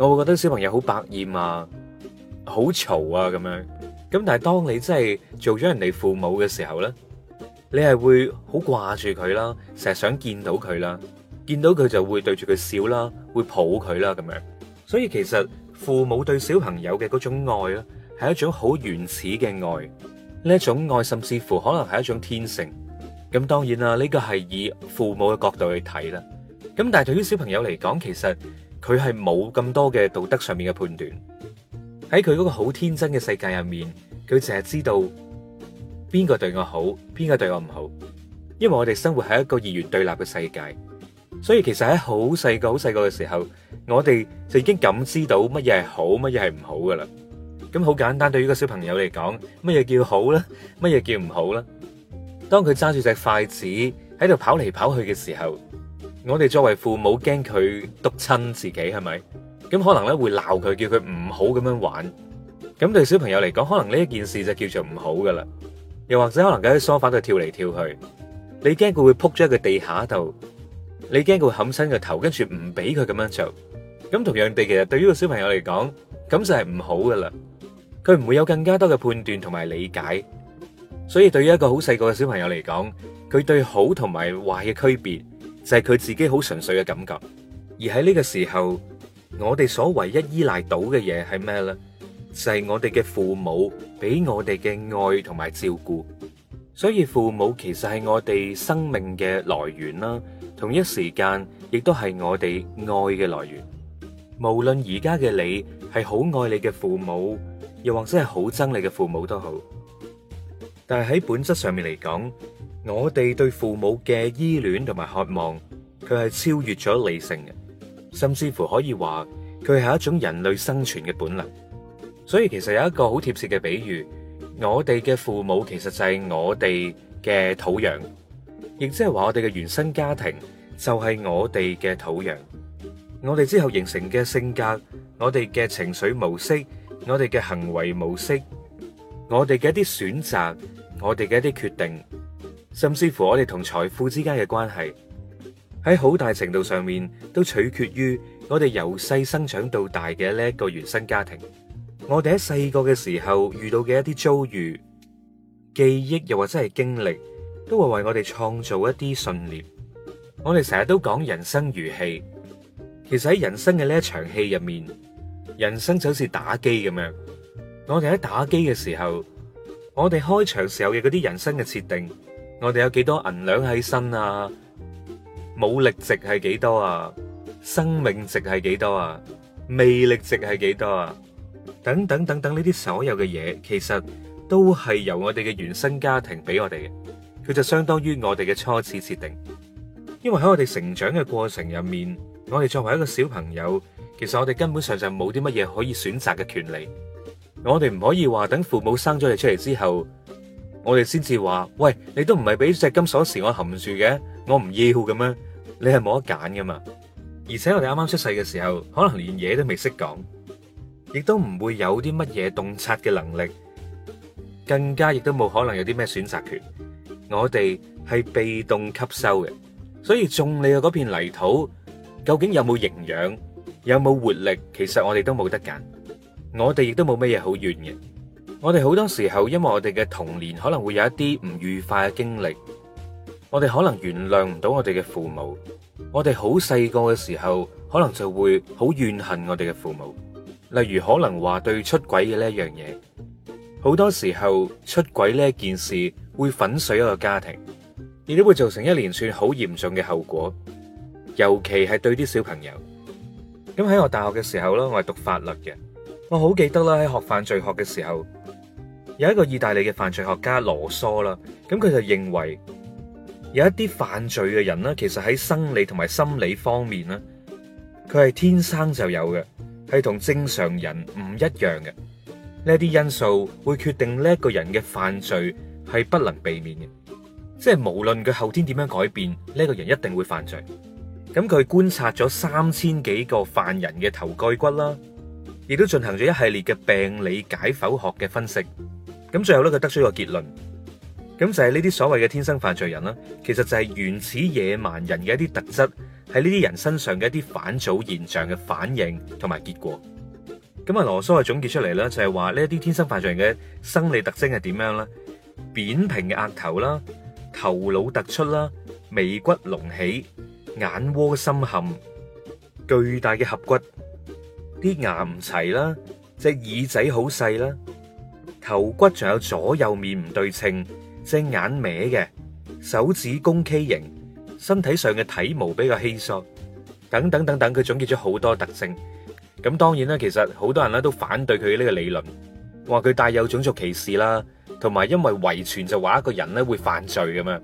我會覺得小朋友好百厭啊，好嘈啊咁樣。咁但係當你真係做咗人哋父母嘅時候咧，你係會好掛住佢啦，成日想見到佢啦，見到佢就會對住佢笑啦，會抱佢啦咁樣。所以其實父母對小朋友嘅嗰種愛咧，係一種好原始嘅愛，呢一種愛甚至乎可能係一種天性。咁當然啦，呢個係以父母嘅角度去睇啦。咁但係對於小朋友嚟講，其實。佢係冇咁多嘅道德上面嘅判斷，喺佢嗰個好天真嘅世界入面，佢淨係知道邊個對我好，邊個對我唔好。因為我哋生活喺一個二元對立嘅世界，所以其實喺好細個、好細個嘅時候，我哋就已經感知到乜嘢係好，乜嘢係唔好噶啦。咁好簡單，對於個小朋友嚟講，乜嘢叫好呢？乜嘢叫唔好啦？當佢揸住隻筷子喺度跑嚟跑去嘅時候。我哋作為父母驚佢篤親自己係咪，咁可能咧，會鬧佢，叫佢唔好咁樣玩。咁對小朋友嚟講，可能呢一件事就叫做唔好噶啦。又或者可能喺梳化度跳嚟跳去，你驚佢會撲咗喺個地下度，你驚佢會冚親個頭，跟住唔俾佢咁樣做。咁同樣地，其實對於個小朋友嚟講，咁就係唔好噶啦。佢唔會有更加多嘅判斷同埋理解，所以對於一個好細個嘅小朋友嚟講，佢對好同埋壞嘅區別。就係佢自己好純粹嘅感覺，而喺呢個時候，我哋所唯一依賴到嘅嘢係咩呢？就係我哋嘅父母俾我哋嘅愛同埋照顧，所以父母其實係我哋生命嘅來源啦，同一時間亦都係我哋愛嘅來源。無論而家嘅你係好愛你嘅父母，又或者係好憎你嘅父母都好。但係喺本質上面嚟講，我哋對父母嘅依戀同埋渴望，佢係超越咗理性嘅，甚至乎可以話佢係一種人類生存嘅本能。所以其實有一個好貼切嘅比喻，我哋嘅父母其實就係我哋嘅土壤，亦即係話我哋嘅原生家庭就係我哋嘅土壤。我哋之後形成嘅性格，我哋嘅情緒模式，我哋嘅行為模式。我哋嘅一啲選擇，我哋嘅一啲決定，甚至乎我哋同財富之間嘅關係，喺好大程度上面都取決於我哋由細生長到大嘅呢一個原生家庭。我哋喺細個嘅時候遇到嘅一啲遭遇、記憶又或者係經歷，都會為我哋創造一啲信念。我哋成日都講人生如戲，其實喺人生嘅呢一場戲入面，人生就好似打機咁樣。我哋喺打機嘅時候，我哋開場的時候嘅嗰啲人生嘅設定，我哋有幾多銀兩喺身啊？武力值係幾多啊？生命值係幾多啊？魅力值係幾多啊？等等等等呢啲所有嘅嘢，其實都係由我哋嘅原生家庭俾我哋嘅，佢就相當於我哋嘅初次設定。因為喺我哋成長嘅過程入面，我哋作為一個小朋友，其實我哋根本上就冇啲乜嘢可以選擇嘅權利。我哋唔可以話等父母生咗你出嚟之後，我哋先至話喂，你都唔係俾隻金鎖匙我含住嘅，我唔要咁樣，你係冇得揀㗎嘛。而且我哋啱啱出世嘅時候，可能連嘢都未識講，亦都唔會有啲乜嘢洞察嘅能力，更加亦都冇可能有啲咩選擇權。我哋係被動吸收嘅，所以種你嘅嗰片泥土究竟有冇營養、有冇活力，其實我哋都冇得揀。我哋亦都冇乜嘢好怨嘅。我哋好多時候，因為我哋嘅童年可能會有一啲唔愉快嘅經歷，我哋可能原諒唔到我哋嘅父母。我哋好細個嘅時候，可能就會好怨恨我哋嘅父母。例如可能話對出軌嘅呢一樣嘢，好多時候出軌呢一件事會粉碎一個家庭，亦都會造成一連串好嚴重嘅後果，尤其係對啲小朋友。咁喺我大學嘅時候咯，我係讀法律嘅。我好記得啦，喺學犯罪學嘅時候，有一個意大利嘅犯罪學家羅梭啦，咁佢就認為有一啲犯罪嘅人咧，其實喺生理同埋心理方面咧，佢係天生就有嘅，係同正常人唔一樣嘅。呢啲因素會決定呢一個人嘅犯罪係不能避免嘅，即係無論佢後天點樣改變，呢個人一定會犯罪。咁佢觀察咗三千幾個犯人嘅頭蓋骨啦。亦都進行咗一系列嘅病理解剖學嘅分析，咁最後咧，佢得出一個結論，咁就係呢啲所謂嘅天生犯罪人啦，其實就係原始野蠻人嘅一啲特質，係呢啲人身上嘅一啲反祖現象嘅反應同埋結果。咁啊，羅梭啊總結出嚟啦，就係話呢一啲天生犯罪人嘅生理特徵係點樣咧？扁平嘅額頭啦，頭腦突出啦，眉骨隆起，眼窩深陷，巨大嘅頜骨。啲牙唔齊啦，隻耳仔好細啦，頭骨仲有左右面唔對稱，隻眼歪嘅，手指弓畸形，身體上嘅體毛比較稀疏，等等等等，佢總結咗好多特徵。咁當然啦，其實好多人咧都反對佢呢個理論，話佢帶有種族歧視啦，同埋因為遺傳就話一個人咧會犯罪咁樣。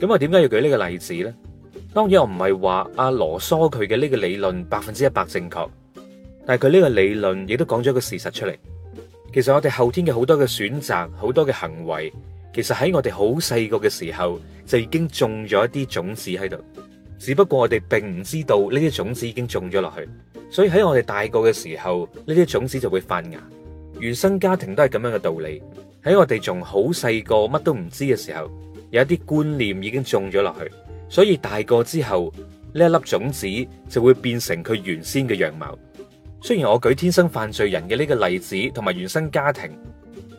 咁我點解要舉呢個例子咧？當然我唔係話阿羅梭佢嘅呢個理論百分之一百正確。但係佢呢個理論亦都講咗個事實出嚟。其實我哋後天嘅好多嘅選擇，好多嘅行為，其實喺我哋好細個嘅時候就已經種咗一啲種子喺度。只不過我哋並唔知道呢啲種子已經種咗落去。所以喺我哋大個嘅時候，呢啲種子就會發芽。原生家庭都係咁樣嘅道理。喺我哋仲好細個，乜都唔知嘅時候，有一啲觀念已經種咗落去。所以大個之後呢一粒種子就會變成佢原先嘅樣貌。雖然我舉天生犯罪人嘅呢個例子同埋原生家庭，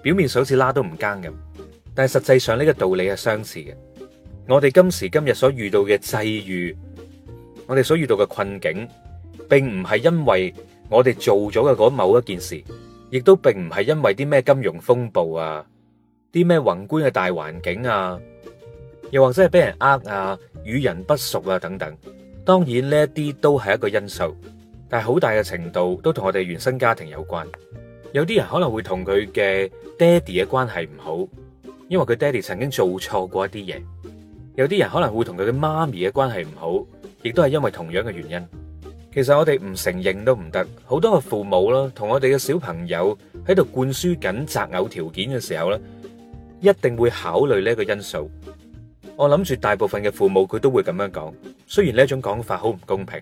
表面上好似拉都唔更咁，但係實際上呢個道理係相似嘅。我哋今時今日所遇到嘅際遇，我哋所遇到嘅困境，並唔係因為我哋做咗嘅嗰某一件事，亦都並唔係因為啲咩金融風暴啊，啲咩宏觀嘅大環境啊，又或者係俾人呃啊，與人不熟啊等等，當然呢一啲都係一個因素。但係好大嘅程度都同我哋原生家庭有關，有啲人可能會同佢嘅爹哋嘅關係唔好，因為佢爹哋曾經做錯過一啲嘢；有啲人可能會同佢嘅媽咪嘅關係唔好，亦都係因為同樣嘅原因。其實我哋唔承認都唔得，好多嘅父母啦，同我哋嘅小朋友喺度灌輸緊擇偶條件嘅時候咧，一定會考慮呢個因素。我諗住大部分嘅父母佢都會咁樣講，雖然呢種講法好唔公平。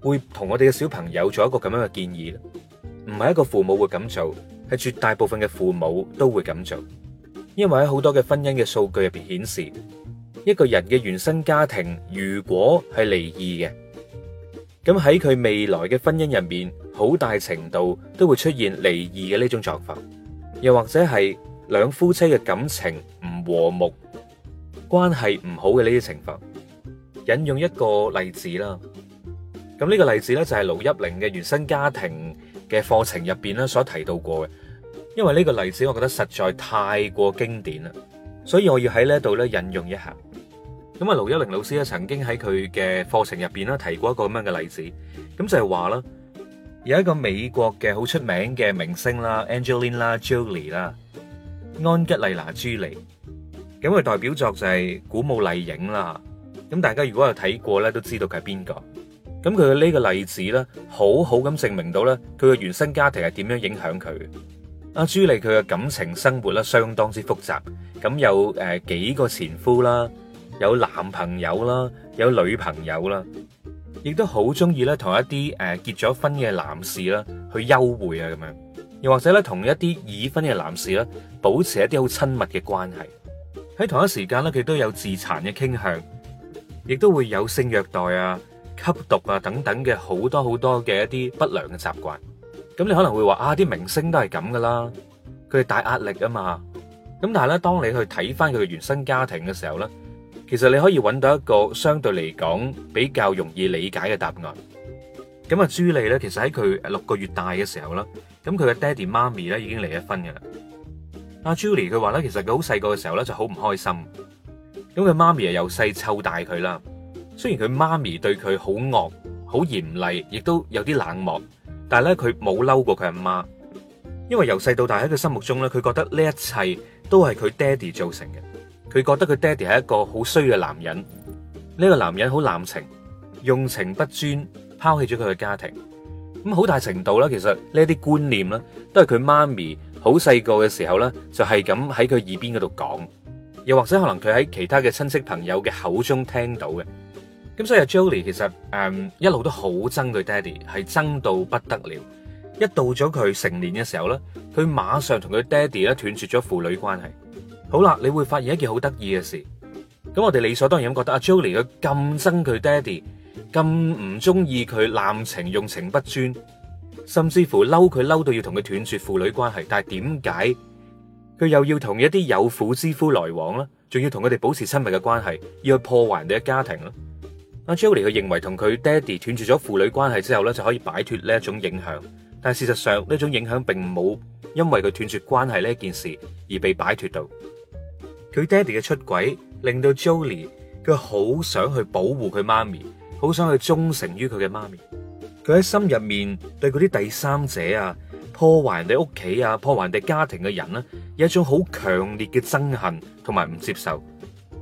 會同我哋嘅小朋友做一個咁樣嘅建議啦，唔係一個父母會咁做，係絕大部分嘅父母都會咁做，因為喺好多嘅婚姻嘅數據入邊顯示，一個人嘅原生家庭如果係離異嘅，咁喺佢未來嘅婚姻入面，好大程度都會出現離異嘅呢種狀況，又或者係兩夫妻嘅感情唔和睦，關係唔好嘅呢啲情況。引用一個例子啦。咁呢個例子咧，就係盧一玲嘅原生家庭嘅課程入邊咧，所提到過嘅，因為呢個例子我覺得實在太過經典啦，所以我要喺呢一度咧，引用一下。咁啊，盧一玲老師咧，曾經喺佢嘅課程入邊咧，提過一個咁樣嘅例子，咁就係話啦，有一個美國嘅好出名嘅明星啦，Angelina Jolie 啦，安吉麗娜朱莉，咁佢代表作就係《古墓麗影》啦。咁大家如果有睇過咧，都知道佢係邊個。咁佢嘅呢個例子咧，好好咁證明到咧，佢嘅原生家庭係點樣影響佢。阿、啊、朱莉佢嘅感情生活咧，相當之複雜。咁有誒、呃、幾個前夫啦，有男朋友啦，有女朋友啦，亦都好中意咧同一啲誒、呃、結咗婚嘅男士啦去幽會啊，咁樣，又或者咧同一啲已婚嘅男士啦保持一啲好親密嘅關係。喺同一時間咧，佢都有自殘嘅傾向，亦都會有性虐待啊。吸毒啊，等等嘅好多好多嘅一啲不良嘅習慣，咁你可能會話啊，啲明星都係咁噶啦，佢哋大壓力啊嘛，咁但係咧，當你去睇翻佢嘅原生家庭嘅時候咧，其實你可以揾到一個相對嚟講比較容易理解嘅答案。咁阿朱莉咧，其實喺佢六個月大嘅時候啦，咁佢嘅爹哋媽咪咧已經離咗婚嘅啦。阿朱莉佢話咧，其實佢好細個嘅時候咧就好唔開心，咁佢媽咪啊由細湊大佢啦。雖然佢媽咪對佢好惡、好嚴厲，亦都有啲冷漠，但係咧佢冇嬲過佢阿媽，因為由細到大喺佢心目中咧，佢覺得呢一切都係佢爹哋造成嘅。佢覺得佢爹哋係一個好衰嘅男人，呢個男人好濫情，用情不專，拋棄咗佢嘅家庭。咁好大程度啦，其實呢一啲觀念呢，都係佢媽咪好細個嘅時候咧，就係咁喺佢耳邊嗰度講，又或者可能佢喺其他嘅親戚朋友嘅口中聽到嘅。咁所以阿 Jolie 其實誒一路都好憎佢爹哋，係憎到不得了。一到咗佢成年嘅時候咧，佢馬上同佢爹哋咧斷絕咗父女關係。好啦，你會發現一件好得意嘅事。咁我哋理所當然咁覺得阿 Jolie 佢咁憎佢爹哋，咁唔中意佢濫情用情不專，甚至乎嬲佢嬲到要同佢斷絕父女關係。但係點解佢又要同一啲有婦之夫來往咧？仲要同佢哋保持親密嘅關係，要去破壞人哋嘅家庭咧？阿 Jolie 佢認為同佢爹哋斷絕咗父女關係之後咧，就可以擺脫呢一種影響，但係事實上呢種影響並冇因為佢斷絕關係呢一件事而被擺脫到。佢爹哋嘅出軌令到 Jolie 佢好想去保護佢媽咪，好想去忠誠於佢嘅媽咪。佢喺心入面對嗰啲第三者啊，破壞人哋屋企啊，破壞人哋家，家庭嘅人呢，有一種好強烈嘅憎恨同埋唔接受，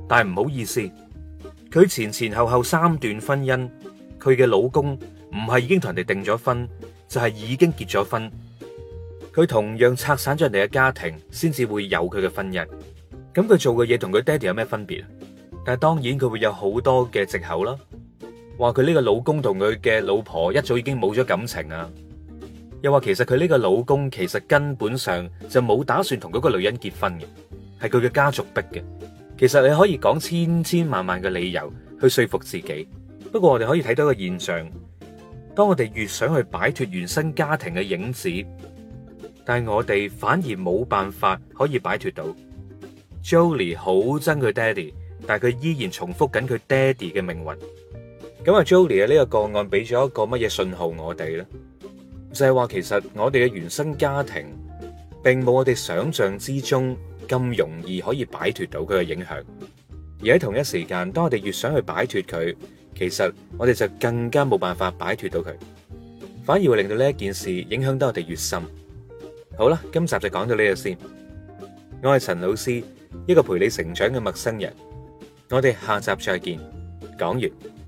但係唔好意思。佢前前後後三段婚姻，佢嘅老公唔係已經同人哋定咗婚，就係已經結咗婚。佢同樣拆散咗人哋嘅家庭，先至會有佢嘅婚姻。咁佢做嘅嘢同佢爹哋有咩分別？但係當然佢會有好多嘅藉口啦，話佢呢個老公同佢嘅老婆一早已經冇咗感情啊，又話其實佢呢個老公其實根本上就冇打算同嗰個女人結婚嘅，係佢嘅家族逼嘅。其實你可以講千千萬萬嘅理由去說服自己，不過我哋可以睇到一個現象，當我哋越想去擺脫原生家庭嘅影子，但係我哋反而冇辦法可以擺脫到。Jolie 好憎佢爹哋，但係佢依然重複緊佢爹哋嘅命運。咁啊，Jolie 呢個個案俾咗一個乜嘢信號我哋咧？就係話其實我哋嘅原生家庭並冇我哋想象之中，咁容易可以擺脫到佢嘅影響，而喺同一時間，當我哋越想去擺脫佢，其實我哋就更加冇辦法擺脫到佢，反而會令到呢一件事影響到我哋越深。好啦，今集就講到呢度先。我係陳老師，一個陪你成長嘅陌生人。我哋下集再見。講完。